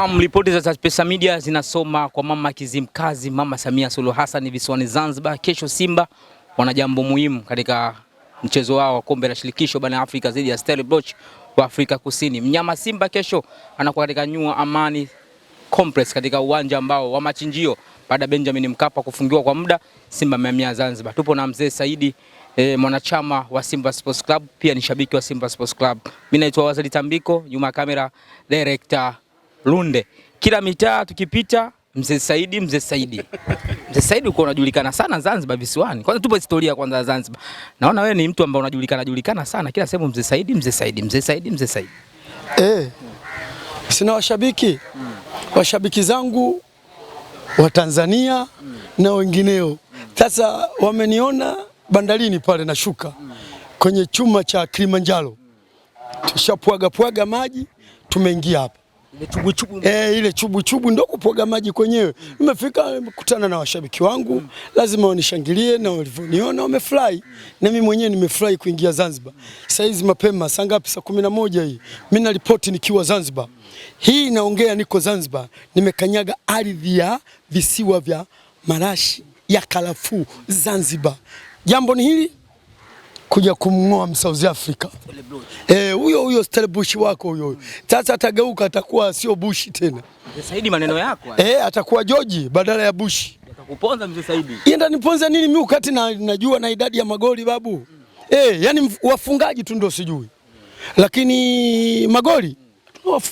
Naam, ripoti za Chapesa Media zinasoma kwa mama Kizimkazi, Mama Samia Suluhu Hassan visiwani Zanzibar. Kesho Simba wana jambo muhimu katika mchezo wao wa kombe la shirikisho barani Afrika dhidi ya Stellenbosch wa Afrika Kusini. Mnyama Simba kesho anakuwa katika nyua Amani Complex katika uwanja ambao wa machinjio baada ya Benjamin Mkapa kufungiwa kwa muda, Simba amehamia Zanzibar. Tupo na mzee Saidi e, mwanachama wa Simba Sports Club, pia ni shabiki wa Simba Sports Club. Mimi naitwa Wazali Tambiko, nyuma ya kamera director Lunde, kila mitaa tukipita, mzee Saidi, mzee Saidi, mzee Saidi, uko unajulikana sana Zanzibar visiwani. Kwanza tupo historia kwanza ya Zanzibar, naona wewe ni mtu ambaye unajulikana julikana sana kila sehemu, mzee Saidi, mzee Saidi, mzee Saidi, mzee Saidi. Eh, sina washabiki hmm. washabiki zangu wa Tanzania hmm. na wengineo sasa hmm. wameniona bandarini pale na hmm. kwenye chuma cha Kilimanjaro, hmm. tushapwaga pwaga maji, tumeingia hapa ile chubu chubu. E, eh, ile chubu chubu ndo kupoga maji kwenyewe. Nimefika nimekutana na washabiki wangu mm. lazima wanishangilie na walivyoniona wamefurahi mm. na mimi mwenyewe nimefurahi kuingia Zanzibar saa hizi mapema, saa ngapi? Saa kumi na moja hii mimi ripoti nikiwa Zanzibar. Hii naongea niko Zanzibar, nimekanyaga ardhi ya visiwa vya marashi ya karafuu Zanzibar. Jambo ni hili kuja kumng'oa Msouth Africa huyo eh, huyo Stele Bush wako huyo sasa, atageuka atakuwa sio Bush tena Mzee Saidi, maneno yako eh, atakuwa George badala ya Bush. Atakuponza Mzee Saidi, yenda niponza nini mimi wakati na, najua na idadi ya magoli babu mm. eh, yani wafungaji tu ndio sijui mm. lakini magoli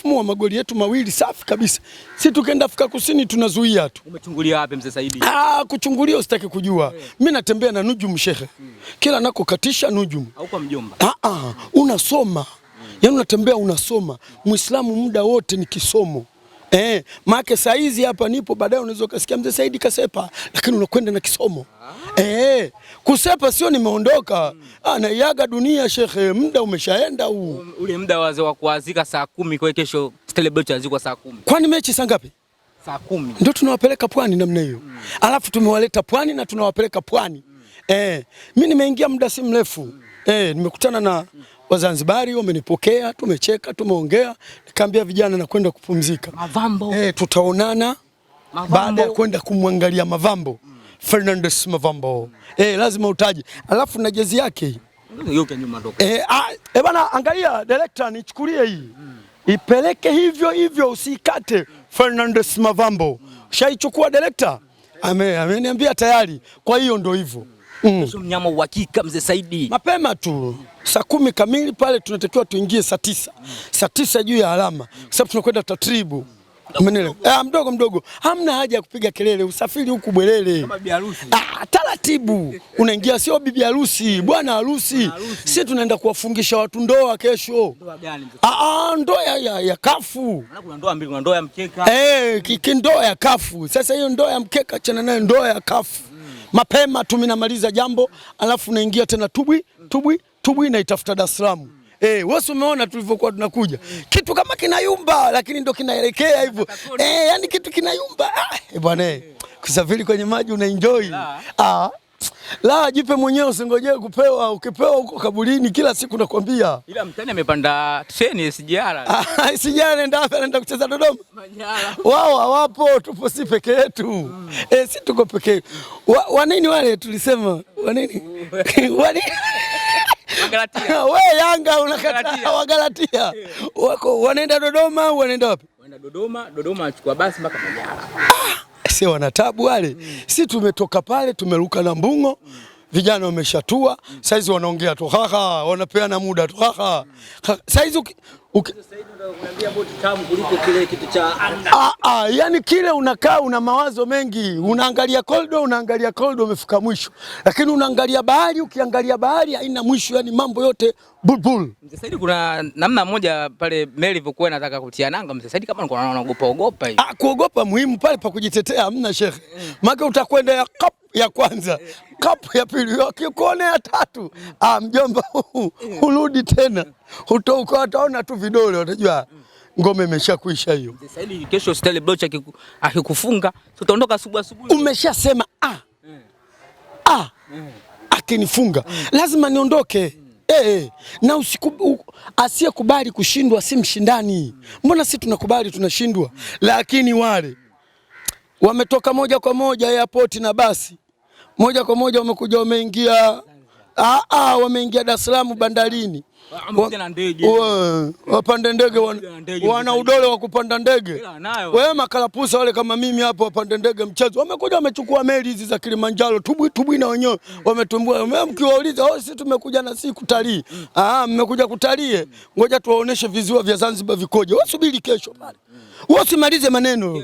wa magoli yetu mawili safi kabisa. Si tukaenda Afrika Kusini tunazuia tu. Umechungulia wapi mzee Saidi? Ah, kuchungulia usitaki kujua. Hey. Eh. Mimi natembea na Nujumu shehe. Hmm. Kila katisha Nujumu. Hauko mjomba. Ah ah, unasoma. Hmm. Yaani unatembea unasoma. Muislamu muda wote ni kisomo. Eh, make saizi hapa nipo, baadaye unaweza ukasikia mzee Saidi kasepa, lakini unakwenda na kisomo ah. Eh, kusepa sio nimeondoka mm. Ah, Anaiaga dunia shekhe, muda umeshaenda huu. Um, ule muda wazo wa kuazika saa kumi kwa kesho celebrate azikwa saa kumi. Kwani mechi saa ngapi? Saa kumi. Ndio tunawapeleka pwani namna hiyo hmm. Alafu tumewaleta pwani na tunawapeleka pwani hmm. Eh, mimi nimeingia muda si mrefu hmm. Eh, nimekutana na mm. Wazanzibari wamenipokea, tumecheka, tumeongea, nikaambia vijana na kwenda kupumzika. Mavambo. Eh, tutaonana baada ya kwenda kumwangalia Mavambo. Mm. Fernandes Mavambo. Mm. Eh, lazima utaje. Alafu na jezi yake. Yuko nyuma eh, ah, eh, bana, angalia director, nichukulie hii. Mm. Ipeleke hivyo hivyo usikate. Fernandes Mavambo. Mm. Shaichukua director. Mm. Ameniambia tayari. Kwa hiyo ndio hivyo mm. mnyama uhakika mzee Saidi, mapema tu saa kumi kamili pale tunatakiwa tuingie saa tisa mm. saa tisa juu ya alama mm. kwa sababu tunakwenda taratibu mm. Mdogo, eh, mdogo mdogo, hamna haja ya kupiga kelele. Usafiri huku bwelele, ah, taratibu unaingia, sio bibi harusi, bwana harusi. Sisi tunaenda kuwafungisha watu ndoa kesho. Ah, ah, ndoa ya, ya, ya kafu kindoa eh, ya kafu. Sasa hiyo ndoa ya mkeka chana nayo ndoa ya kafu mapema tu minamaliza jambo alafu naingia tena tubwi tubwi tubwi, naitafuta Dar es Salaam. Eh, wewe umeona tulivyokuwa tunakuja. Kitu kama kinayumba lakini ndo kinaelekea hivyo. Eh, yani kitu kinayumba. Ah, eh, bwana eh. Kusafiri kwenye maji una enjoy. Ah. La, jipe mwenyewe usingojee kupewa. Ukipewa huko kaburini kila siku nakwambia. Ila mtani amepanda treni sijara. Sijara nenda afa nenda kucheza Dodoma. Manyara. Wao hawapo, tupo si peke yetu. Mm. Eh, si tuko peke yetu. Wa, wanini wale tulisema? Wanini? Wanini? Wagalatia. We Yanga unakataa Wagalatia. Wako wanaenda Dodoma au wanaenda wapi? Wanaenda Dodoma, Dodoma achukua basi mpaka Manyara. Ah! wasee wanatabu wale, si tumetoka pale tumeruka na mbungo mm vijana wameshatua saizi, wanaongea tu haha, wanapeana muda tu haha, saizi uki... Ah, ah, yani kile unakaa una mawazo mengi, unaangalia koldo, unaangalia koldo, umefika mwisho, lakini unaangalia bahari. Ukiangalia bahari haina mwisho, yani mambo yote bulbul. Mzee Saidi, kuna namna moja pale meli ilivyokuwa inataka kutia nanga, Mzee Saidi, kama nilikuwa naona ogopa ogopa hivi. Ah, kuogopa muhimu pale pa kujitetea hamna, shekhe, eh. maana utakwenda ya kap ya kwanza eh kapu ya pili akikuone ya tatu, ah, mjomba huu eh. urudi tena, mm. utoka wataona tu vidole, watajua mm. ngome imeshakwisha hiyo. Sasa hivi kesho style bloch akikufunga tutaondoka asubuhi asubuhi, umeshasema ah, mm. ah, akinifunga lazima niondoke. E, na usiku asiyekubali kushindwa si mshindani. Mbona si tunakubali tunashindwa, lakini wale wametoka moja kwa moja airport na basi moja kwa moja wamekuja wameingia ah, ah, wameingia Dar es Salaam bandarini, wapande ndege, wana udole wa kupanda ndege. Wewe makalapusa wale kama mimi hapo, wapande ndege mchezo. Wamekuja wamechukua meli hizi za Kilimanjaro, tubwi tubwi, na wenyewe mm. wametumbua. Wewe Mkiwauliza wao, oh, sisi tumekuja na sisi kutalii. Mm. Ah, mmekuja kutalii, mm. ngoja tuwaoneshe viziwa vya Zanzibar vikoje. Wewe subiri kesho pale, wewe usimalize maneno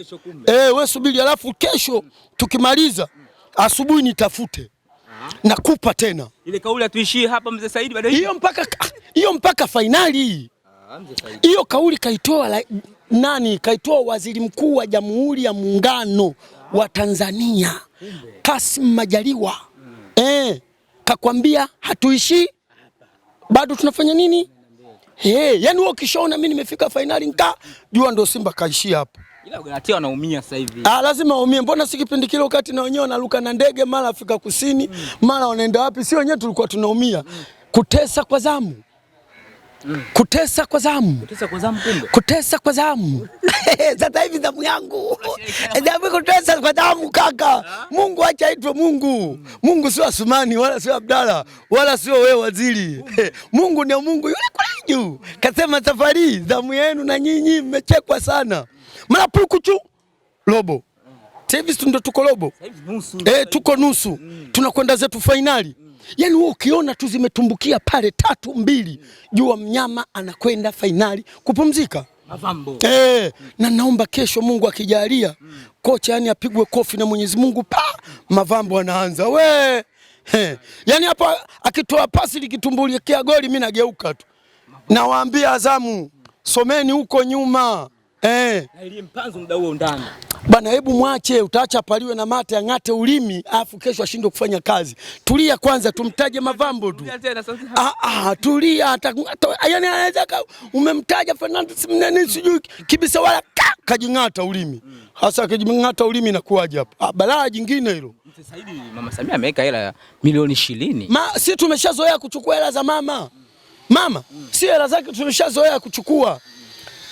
eh, wewe subiri, alafu kesho tukimaliza asubuhi nitafute, nakupa tena ile kauli. atuishie hapa mzee Said baada hiyo mpaka hiyo mpaka fainali ah, hiyo kauli kaitoa la, nani kaitoa waziri mkuu wa Jamhuri ya Muungano wa Tanzania Kassim Majaliwa mm. eh, kakwambia hatuishii bado tunafanya nini? eh yani wewe ukishaona mimi nimefika fainali nka jua ndo Simba kaishia hapo. Ila Galatia wanaumia sasa hivi. Ah, lazima waumie. Mbona si kipindi kile wakati na wenyewe wanaruka na ndege mara Afrika Kusini, mm. mara wanaenda wapi? Si wenyewe tulikuwa tunaumia. Mm. Kutesa kwa zamu. Kutesa kwa zamu, kutesa kwa zamu, kumbe kutesa kwa zamu. Sasa hivi zamu yangu zamu kutesa kwa zamu kaka Mungu acha aitwe Mungu Mungu sio Asumani wala sio Abdala wala sio wewe waziri Mungu ni Mungu yule kule juu Kasema safari zamu yenu na nyinyi mmechekwa sana, mara puku robo lobo Sasa hivi ndo tuko lobo eh, tuko nusu Tunakwenda zetu fainali mm. Yaani wewe ukiona tu zimetumbukia pale tatu mbili, jua mnyama anakwenda fainali kupumzika. Eh, na naomba kesho Mungu akijalia mm. Kocha yani apigwe kofi na Mwenyezi Mungu pa Mavambo anaanza we Yani hapa akitoa pasi likitumbulikia goli mimi nageuka tu, nawaambia Azamu, someni huko nyuma Eh. Na ile mpanzo muda huo ndani. Bana, hebu mwache, utaacha paliwe na mate ang'ate ulimi, afu kesho ashindwe kufanya kazi. Tulia kwanza, tumtaje Mavambo tu. Ah ah, tulia hata yani anaweza umemtaja Fernandes mnene sijui kibisa wala ka, kajing'ata ulimi. Hasa kajing'ata ulimi inakuwaje hapa? Ah, Balaa jingine hilo. Sasa Mama Samia ameweka hela milioni 20. Ma si tumeshazoea kuchukua hela za mama. Mama, mm. si hela zake tumeshazoea kuchukua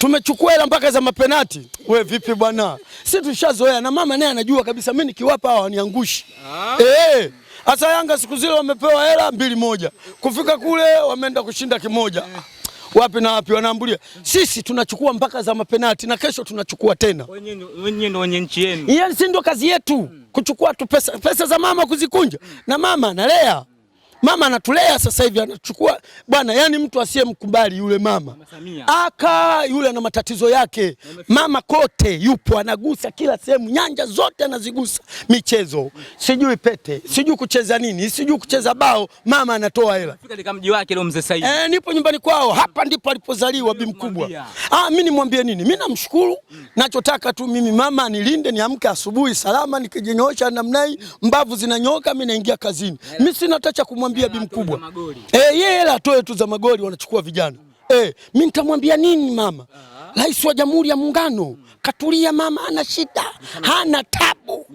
tumechukua hela mpaka za mapenati. We vipi bwana, si tushazoea na mama naye anajua kabisa, mimi nikiwapa hawa waniangushi ah. eh. Hasa Yanga siku zile wamepewa hela mbili moja, kufika kule wameenda kushinda kimoja eh. wapi na wapi, wanaambulia. Sisi tunachukua mpaka za mapenati na kesho tunachukua tena. Wenyewe ndio wenye nchi yenu, yaani si ndio kazi yetu hmm. kuchukua tu pesa, pesa za mama kuzikunja, hmm. na mama analea mama anatulea sasa hivi anachukua bwana, yani mtu asiyemkubali yule mama, aka yule ana matatizo yake mama, kote yupo, anagusa kila sehemu, nyanja zote anazigusa, michezo sijui pete sijui kucheza nini sijui kucheza bao, mama anatoa hela. E, nipo nyumbani kwao hapa, ndipo alipozaliwa bi mkubwa. Ah, mimi nimwambie nini? Mimi namshukuru, mm. nachotaka tu mimi mama nilinde, niamke asubuhi salama, nikijinyoosha namna hii mbavu zinanyoka, mimi naingia kazini, mimi sina tacha kumwambia nitamwambia bi mkubwa eh, yeye hela atoe tu za magoli, wanachukua vijana mm. eh, mimi nitamwambia nini mama? Ah. Rais wa Jamhuri ya Muungano mm. katulia mama, ana shida, hana tabu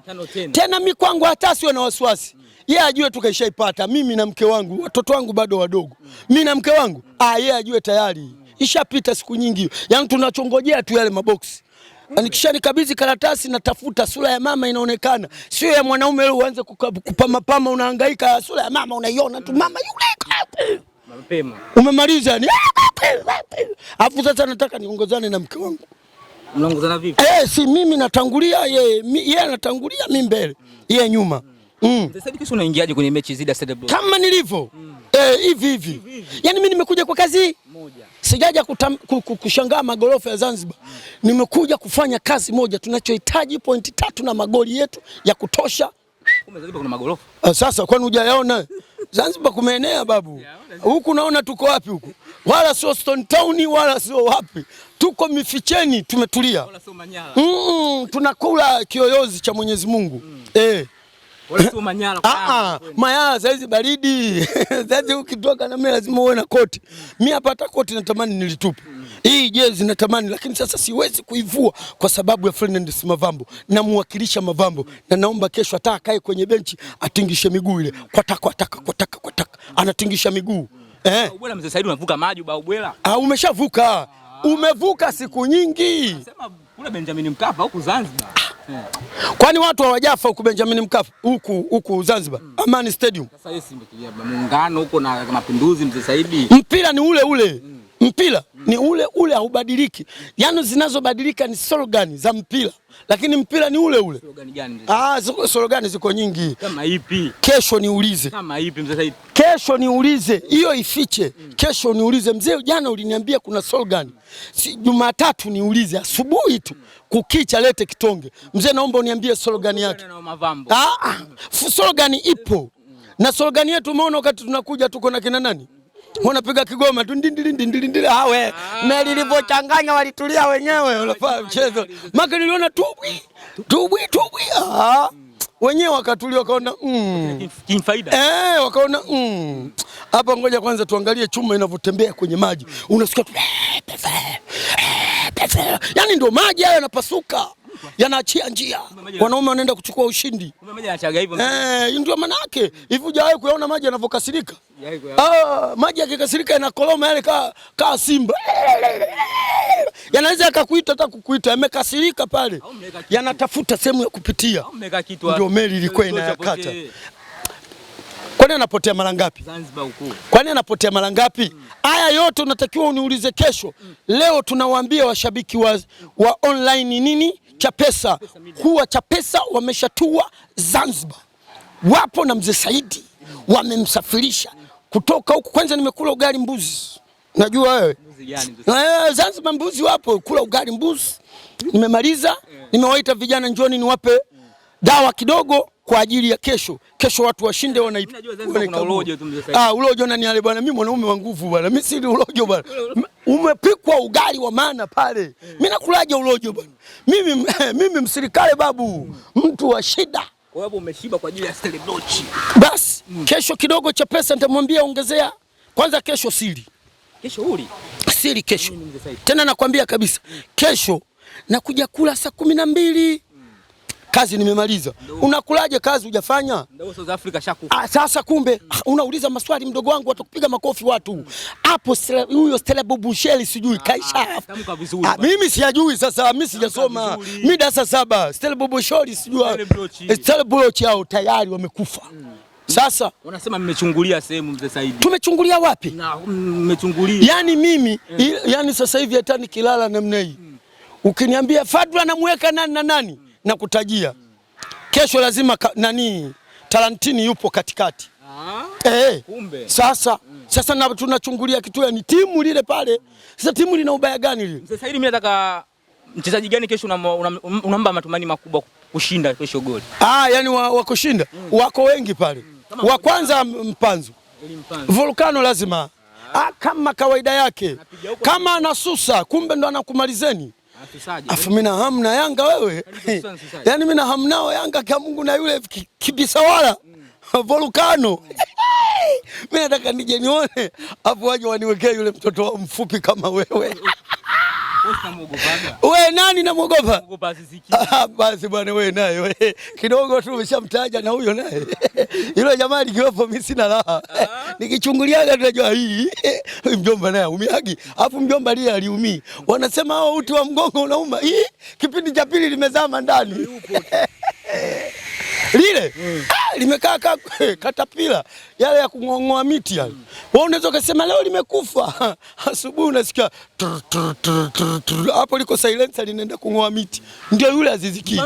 tena. Mi kwangu hata sio na wasiwasi mm. yeye yeah, ajue tukaishaipata. Mimi na mke wangu, watoto wangu bado wadogo, mi na mke wangu ah, yeye yeah, ajue tayari ishapita siku nyingi, yaani tunachongojea tu yale maboksi Nikishanikabidhi karatasi natafuta sura ya mama inaonekana, sio ya mwanaume ile uanze kupama pama, unahangaika. Sura ya mama unaiona tu, mama yule mapema umemaliza ni afu sasa nataka niongozane na mke wangu. Mnaongozana vipi? Eh, si mimi natangulia yeye, yeye anatangulia mimi mbele, yeye nyuma. Mm. Sasa hivi kesho unaingiaje kwenye mechi Stade Kama nilivyo. Mm. Eh, hivi eh, hivi. Yaani mimi nimekuja kwa kazi moja, sijaja kushangaa magorofa ya Zanzibar mm. Nimekuja kufanya kazi moja, tunachohitaji pointi tatu na magoli yetu ya kutosha. Zanzibar kuna magorofa eh, sasa, kwani hujayaona? Zanzibar kumeenea babu, huku naona tuko wapi huku, wala sio Stone Town wala sio wapi, tuko mificheni, tumetulia mm, tunakula kiyoyozi cha Mwenyezi Mungu mm. eh. Manyara ah, ah, saizi baridi saizi ukitoka na mimi lazima uwe na koti. Mimi hapa hata koti natamani nilitupe. Hii jezi natamani, lakini sasa siwezi kuivua kwa sababu ya Fernandes Mavambo, namwakilisha Mavambo na naomba kesho hata akae kwenye benchi atingishe miguu ile kwa taka taka kwa taka kwa taka, anatingisha miguu eh. Ubwela mzee Saidi, unavuka maji ba ubwela. Ah, umeshavuka umevuka siku nyingi. Anasema kule Benjamin Mkapa huku Zanzibar. Hmm. Kwani watu hawajafa huku Benjamin Mkapa huku huku Zanzibar mm. Amani Stadium. Sasa muungano huko na mapinduzi mzee Saidi. Mpira ni ule ule Mm. Mpira Mm ni ule ule, haubadiliki. Yaani zinazobadilika ni slogan za mpira, lakini mpira ni ule ule. Slogan gani? Ah, slogan ziko nyingi. Kama ipi? Kesho niulize. Kama ipi mzee Said? Kesho niulize, mm. hiyo ifiche. Mm. Kesho niulize mzee, jana uliniambia kuna slogan. Si Jumatatu niulize asubuhi tu. Mm. Kukicha lete kitonge. Mzee, naomba uniambie slogan yake. Ah, ah. slogan ipo. Mm. Na slogan yetu umeona wakati tunakuja tuko na kina nani? Wanapiga kigoma tu ndindilindilindili hawe. Na lilivyochanganya walitulia wenyewe unafahamu mchezo. Maka niliona tubwi. Tubwi tubwi. Ah. Wenyewe wakatulia wakaona mm. Eh, wakaona mm. Hapa ngoja kwanza tuangalie chuma inavyotembea kwenye maji. Unasikia tu. Eh, eh, yaani ndio maji hayo yanapasuka yanaachia njia, wanaume wanaenda kuchukua ushindi. Eh, ndio maana yake hivi. Hujawahi kuyaona maji yanavyokasirika? Ah, maji yakikasirika yanakoloma yale kaa ka simba yanaweza yakakuita hata kukuita, yamekasirika pale, yanatafuta sehemu ya kupitia. Ndio meli ilikuwa inayakata. Kwani anapotea mara ngapi? Kwani anapotea mara ngapi? Mm. Haya yote unatakiwa uniulize kesho. Mm. Leo tunawaambia washabiki wa, wa online nini Chapesa cha Chapesa wameshatua Zanzibar, wapo na mzee Saidi wamemsafirisha kutoka huku. Kwanza nimekula ugali mbuzi, najua wewe eh, Zanzibar mbuzi wapo, kula ugali mbuzi. Nimemaliza, nimewaita vijana, njoni niwape dawa kidogo kwa ajili ya kesho. Kesho watu washinde wanaipa ulojo. Ah, ulojo nani ale bwana, mimi mwanaume wa nguvu bwana, mimi si ulojo bwana umepikwa ugali wa maana pale, hmm. mimi nakulaje ulojo bwana? Mimi mimi msirikale babu, hmm. mtu wa shida. Kwa sababu umeshiba kwa ajili ya seleblochi. Basi hmm. kesho kidogo cha pesa nitamwambia ongezea. Kwanza kesho siri, kesho uli siri, kesho tena nakwambia kabisa, kesho nakuja kula saa kumi na mbili kazi nimemaliza. Unakulaje kazi hujafanya? Ndio South Africa shakufa. Ah, sasa kumbe mm. unauliza maswali mdogo wangu, watakupiga makofi watu hapo. mm. Huyo Stellenbosch Busheli sijui kaisha. Ah, ah mimi sijui sasa, mimi sijasoma mimi darasa saba. Stellenbosch Busheli sijui Stella eh, Stellenbosch au tayari wamekufa. Mm. Sasa unasema mmechungulia sehemu mzee Saidi. Tumechungulia wapi? Na hmm, mmechungulia. Yaani mimi mm. yaani sasa hivi hata nikilala namna hii mm. Ukiniambia Fadla anamweka nani na nani mm na kutajia kesho lazima ka, nani Tarantini yupo katikati. ah, e, kumbe. Sasa mm. Sasa na tunachungulia kitu ni timu lile pale. Sasa timu lina ubaya gani lile? Sasa hili mimi nataka mchezaji gani kesho una, una, una matumaini makubwa kushinda kesho goli? Ah, yani wa, wa kushinda mm. wako wengi pale mm. wa kwanza mpanzo Volcano lazima ah. Ah, kama kawaida yake kama anasusa kumbe ndo anakumalizeni Afu mina na hamu na Yanga wewe. Yaani mina na hamu nao Yanga kia Mungu na yule kibisawala mm. volukano mi nataka nije nione afu waje waniwekee yule mtoto mfupi kama wewe We nani namwogopa? Ah, basi bwana we naye we. Kidogo tu umeshamtaja na huyo naye yule jamaa likiwepo mimi sina raha ah. nikichunguliaga tunajua hii mjomba naye umiagi, alafu mjomba lia aliumii, wanasema hao uti wa mgongo unauma. Hii kipindi cha pili limezama ndani lile mm. Ah, limekaa katapila yale ya kung'oa miti yale mm. Wewe unaweza kusema leo limekufa, asubuhi unasikia hapo liko silencer linaenda kung'oa miti, ndio yule Aziziki.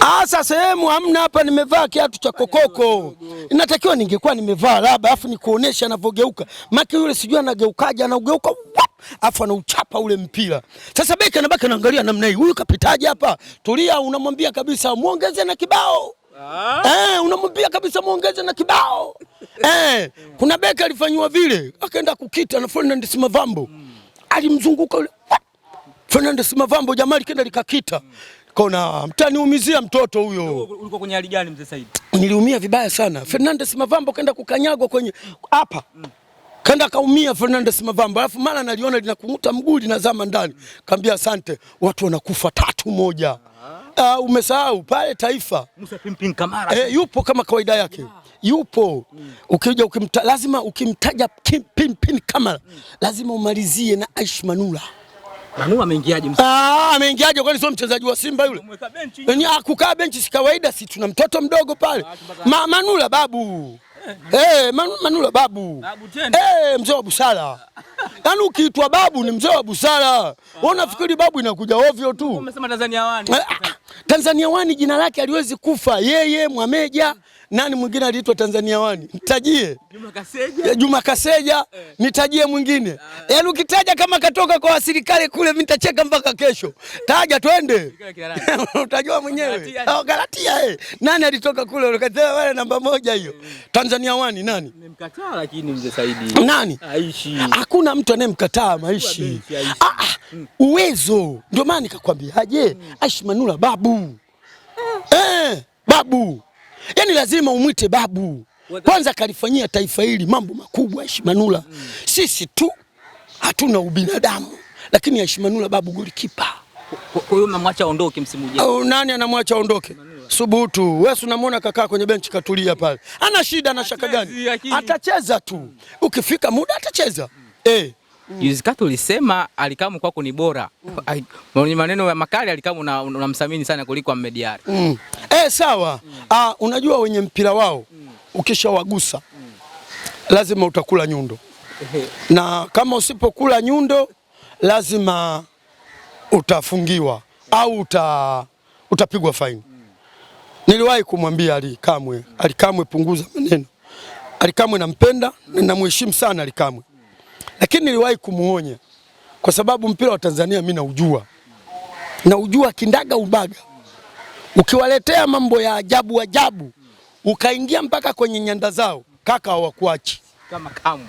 Ah, sasa sehemu hamna hapa, nimevaa kiatu cha kokoko, inatakiwa ningekuwa nimevaa labda afu nikuonesha anavyogeuka, maki yule sijui anageukaje, anaugeuka afu anauchapa ule mpira. Sasa beki anabaki anaangalia namna hii, huyu kapitaje hapa? Tulia, unamwambia kabisa muongeze na kibao Ah. Eh, unamwambia kabisa muongeze na kibao. Eh, kuna beka alifanywa vile, akaenda kukita na Fernandes Mavambo. Mm. Alimzunguka yule. Fernandes Mavambo jamaa alikenda likakita. Mm. Kona mtaniumizia mtoto huyo. Ulikuwa kwenye hali gani mzee Said? Niliumia vibaya sana. Mm. Fernandes Mavambo kaenda kukanyagwa kwenye hapa. Mm. Kaenda kaumia Fernandes Mavambo. Alafu mara naliona linakunguta mguu linazama ndani. Kaambia asante, watu wanakufa tatu moja. Ah. Uh, umesahau pale Taifa Musa Pimpin Kamara eh, yupo kama kawaida yake yeah. Yupo mm. Ukija ukimta, lazima ukimtaja Pimpin Kamara mm. Lazima umalizie na Aishi Manula. Manula ameingiaje? Ah, ameingiaje? Kwani sio mchezaji wa Simba yule? akukaa ah, benchi si kawaida, si tuna mtoto mdogo pale ah, Ma, Manula babu Eh, eh Manula babu, babu eh, mzee wa busara yaani, ukiitwa babu ni mzee wa busara. Wewe unafikiri babu inakuja ovyo tu? Umesema Tanzania wani? Tanzania Wani jina lake aliwezi kufa yeye Mwameja nani mwingine aliitwa Tanzania wani? Nitajie Juma Kaseja, eh, Juma Kaseja eh. Nitajie mwingine ah. Yaani ukitaja kama katoka kwa serikali kule nitacheka mpaka kesho. Taja twende utajua mwenyewe eh. Oh, Galatia eh. Nani alitoka kule ukataa wale namba moja hiyo eh. Tanzania wani nani? Nimemkataa lakini mzee Saidi. Nani? Aishi. Hakuna mtu anayemkataa Aishi. Ah, mm. Uwezo ndio maana nikakwambia aje mm. Aishi Manula babu eh, eh babu yani lazima umwite babu kwanza, kalifanyia taifa hili mambo makubwa Hashmanula. Mm. Sisi tu hatuna ubinadamu, lakini Hashmanula babu golikipa. Kwa hiyo unamwacha aondoke msimu ujao? Nani anamwacha aondoke? Subutu wewe, unamwona kakaa kwenye benchi katulia pale, ana shida na shaka gani? Atacheza tu, ukifika muda atacheza. Mm. eh Mm. Juzi kati ulisema Alikamu kwako ni bora. Mm. Maneno ya makali Alikamu na unamsamini sana kuliko Ahmed Ally. Mm. Eh, sawa. Mm. Ah, unajua wenye mpira wao mm. ukishawagusa mm. lazima utakula nyundo. na kama usipokula nyundo lazima utafungiwa mm. au uta, utapigwa faini. Mm. Niliwahi kumwambia Alikamwe, Alikamwe punguza maneno. Alikamwe nampenda, ninamheshimu sana Alikamwe lakini niliwahi kumuonya kwa sababu mpira wa Tanzania mimi naujua, naujua kindaga ubaga. Ukiwaletea mambo ya ajabu ajabu, ukaingia mpaka kwenye nyanda zao, kaka, hawakuachi kama kamu,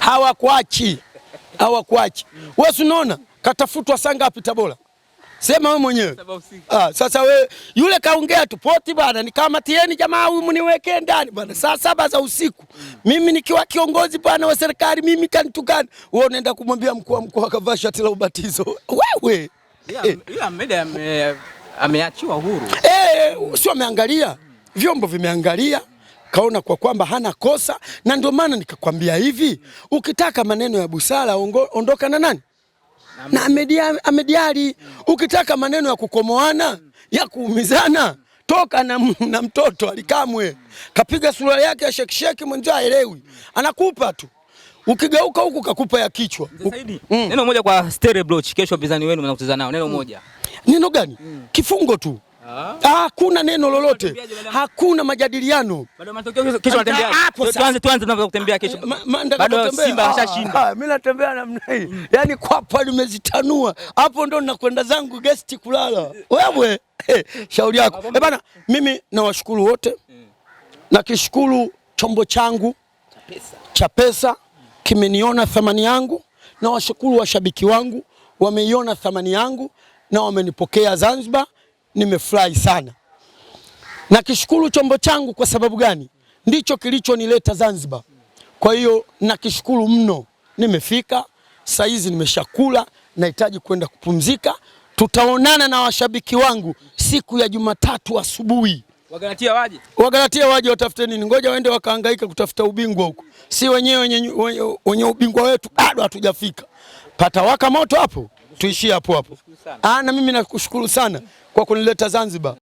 hawakuachi hawakuachi. Wewe unaona katafutwa sanga ngapi Tabora? Sema wewe mwenyewe. Ah, sasa wewe yule kaongea tu poti bwana, nikamatieni jamaa huyu mniweke ndani bwana. Saa saba za usiku. Mm. Mimi nikiwa kiongozi bwana wa serikali mimi kanitukana. Wewe unaenda kumwambia mkuu wa mkoa akavaa shati la ubatizo. Wewe. Yeah, eh. Ahmed ame ameachiwa huru. Eh, sio ameangalia. Vyombo vimeangalia. Kaona kwa kwamba hana kosa na ndio maana nikakwambia hivi, ukitaka maneno ya busara ondoka na nani? na amediali. Ukitaka maneno ya kukomoana ya kuumizana, toka na, na mtoto alikamwe kapiga suruali yake ya shekisheki, mwenzio aelewi, anakupa tu ukigeuka huku kakupa ya kichwa. Mm. Mm. Neno moja kwa Stellenbosch, kesho wapinzani wenu mnakucheza nao, neno mm. moja. Neno gani? Kifungo tu. Ah, hakuna neno lolote, hakuna majadiliano. Mimi natembea namna hii, yaani kwapa limezitanua hapo, ndo nakwenda zangu gesti kulala. Wewe eh? Eh, shauri yako eh, bana. Mimi nawashukuru wote, nakishukuru chombo changu cha pesa kimeniona thamani yangu, nawashukuru washabiki wangu wameiona thamani yangu na wamenipokea Zanzibar nimefurahi sana. Nakishukuru chombo changu kwa sababu gani? Ndicho kilichonileta Zanzibar. Kwa hiyo nakishukuru mno. Nimefika hizi, nimeshakula, nahitaji kwenda kupumzika. Tutaonana na washabiki wangu siku ya Jumatatu asubuhi. Wagalatia waje, Wagalatia waje, watafute nini? Ngoja waende wakahangaika kutafuta ubingwa huko, si wenyewe wenye, wenye ubingwa wetu bado hatujafika. Pata waka moto hapo, tuishie hapo hapo. Ah, na mimi nakushukuru sana kwa kunileta Zanzibar.